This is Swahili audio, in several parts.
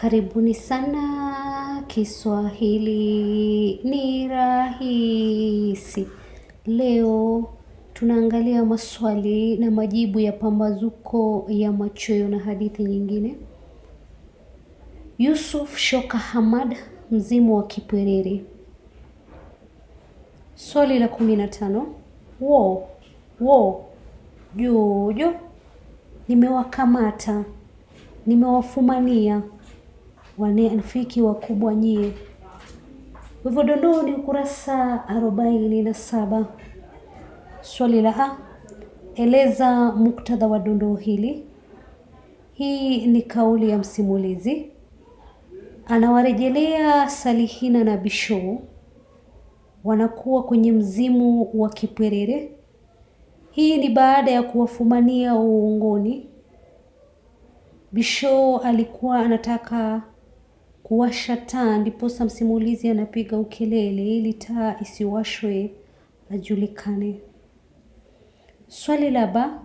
Karibuni sana Kiswahili ni rahisi. Leo tunaangalia maswali na majibu ya Pambazuko ya Machweo na hadithi nyingine. Yusuf Shoka Hamad, Mzimu wa Kipwerere. Swali la kumi na tano. Wo wo jojo, nimewakamata nimewafumania wanafiki wakubwa nyie. Kwa hivyo dondoo ni ukurasa arobaini na saba. Swali la A, eleza muktadha wa dondoo hili. Hii ni kauli ya msimulizi, anawarejelea Salihina na Bishoo wanakuwa kwenye mzimu wa Kipwerere. Hii ni baada ya kuwafumania uongoni. Bishoo alikuwa anataka kuwasha taa, ndiposa msimulizi anapiga ukelele ili taa isiwashwe ajulikane. Swali la ba,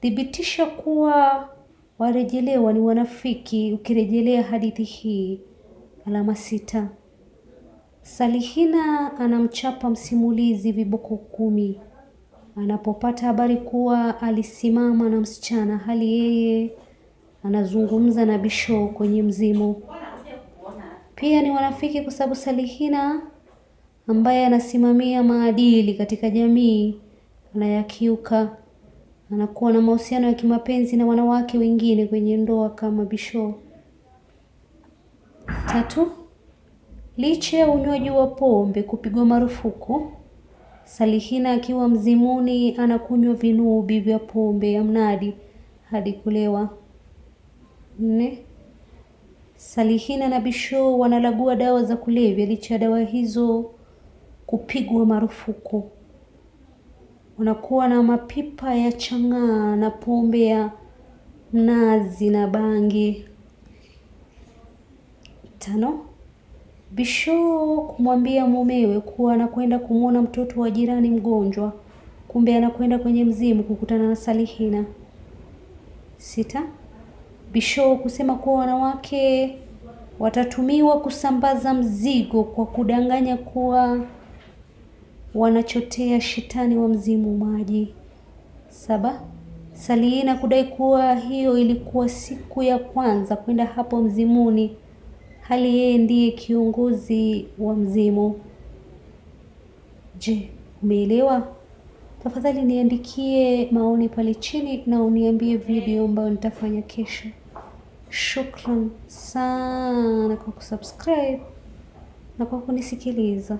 thibitisha kuwa warejelewa ni wanafiki ukirejelea hadithi hii, alama sita. Salihina anamchapa msimulizi viboko kumi anapopata habari kuwa alisimama na msichana hali yeye anazungumza na Bisho kwenye mzimu. Pia ni wanafiki kwa sababu Salihina ambaye anasimamia maadili katika jamii anayakiuka, anakuwa na mahusiano ya kimapenzi na wanawake wengine kwenye ndoa kama Bisho. Tatu, licha ya unywaji wa pombe kupigwa marufuku, Salihina akiwa mzimuni anakunywa vinubi vya pombe ya mnadi hadi kulewa. Nne, Salihina na Bisho wanalagua dawa za kulevya licha ya dawa hizo kupigwa marufuku. Wanakuwa na mapipa ya chang'aa na pombe ya mnazi na bangi. Tano, Bisho kumwambia mumewe kuwa anakwenda kumwona mtoto wa jirani mgonjwa, kumbe anakwenda kwenye mzimu kukutana na Salihina. Sita, Bisho kusema kuwa wanawake watatumiwa kusambaza mzigo kwa kudanganya kuwa wanachotea shetani wa mzimu maji. Saba, saliina kudai kuwa hiyo ilikuwa siku ya kwanza kwenda hapo mzimuni, hali yeye ndiye kiongozi wa mzimu. Je, umeelewa? Tafadhali niandikie maoni pale chini na uniambie video ambayo nitafanya kesho. Shukran sana kwa kusubscribe na kwa kunisikiliza.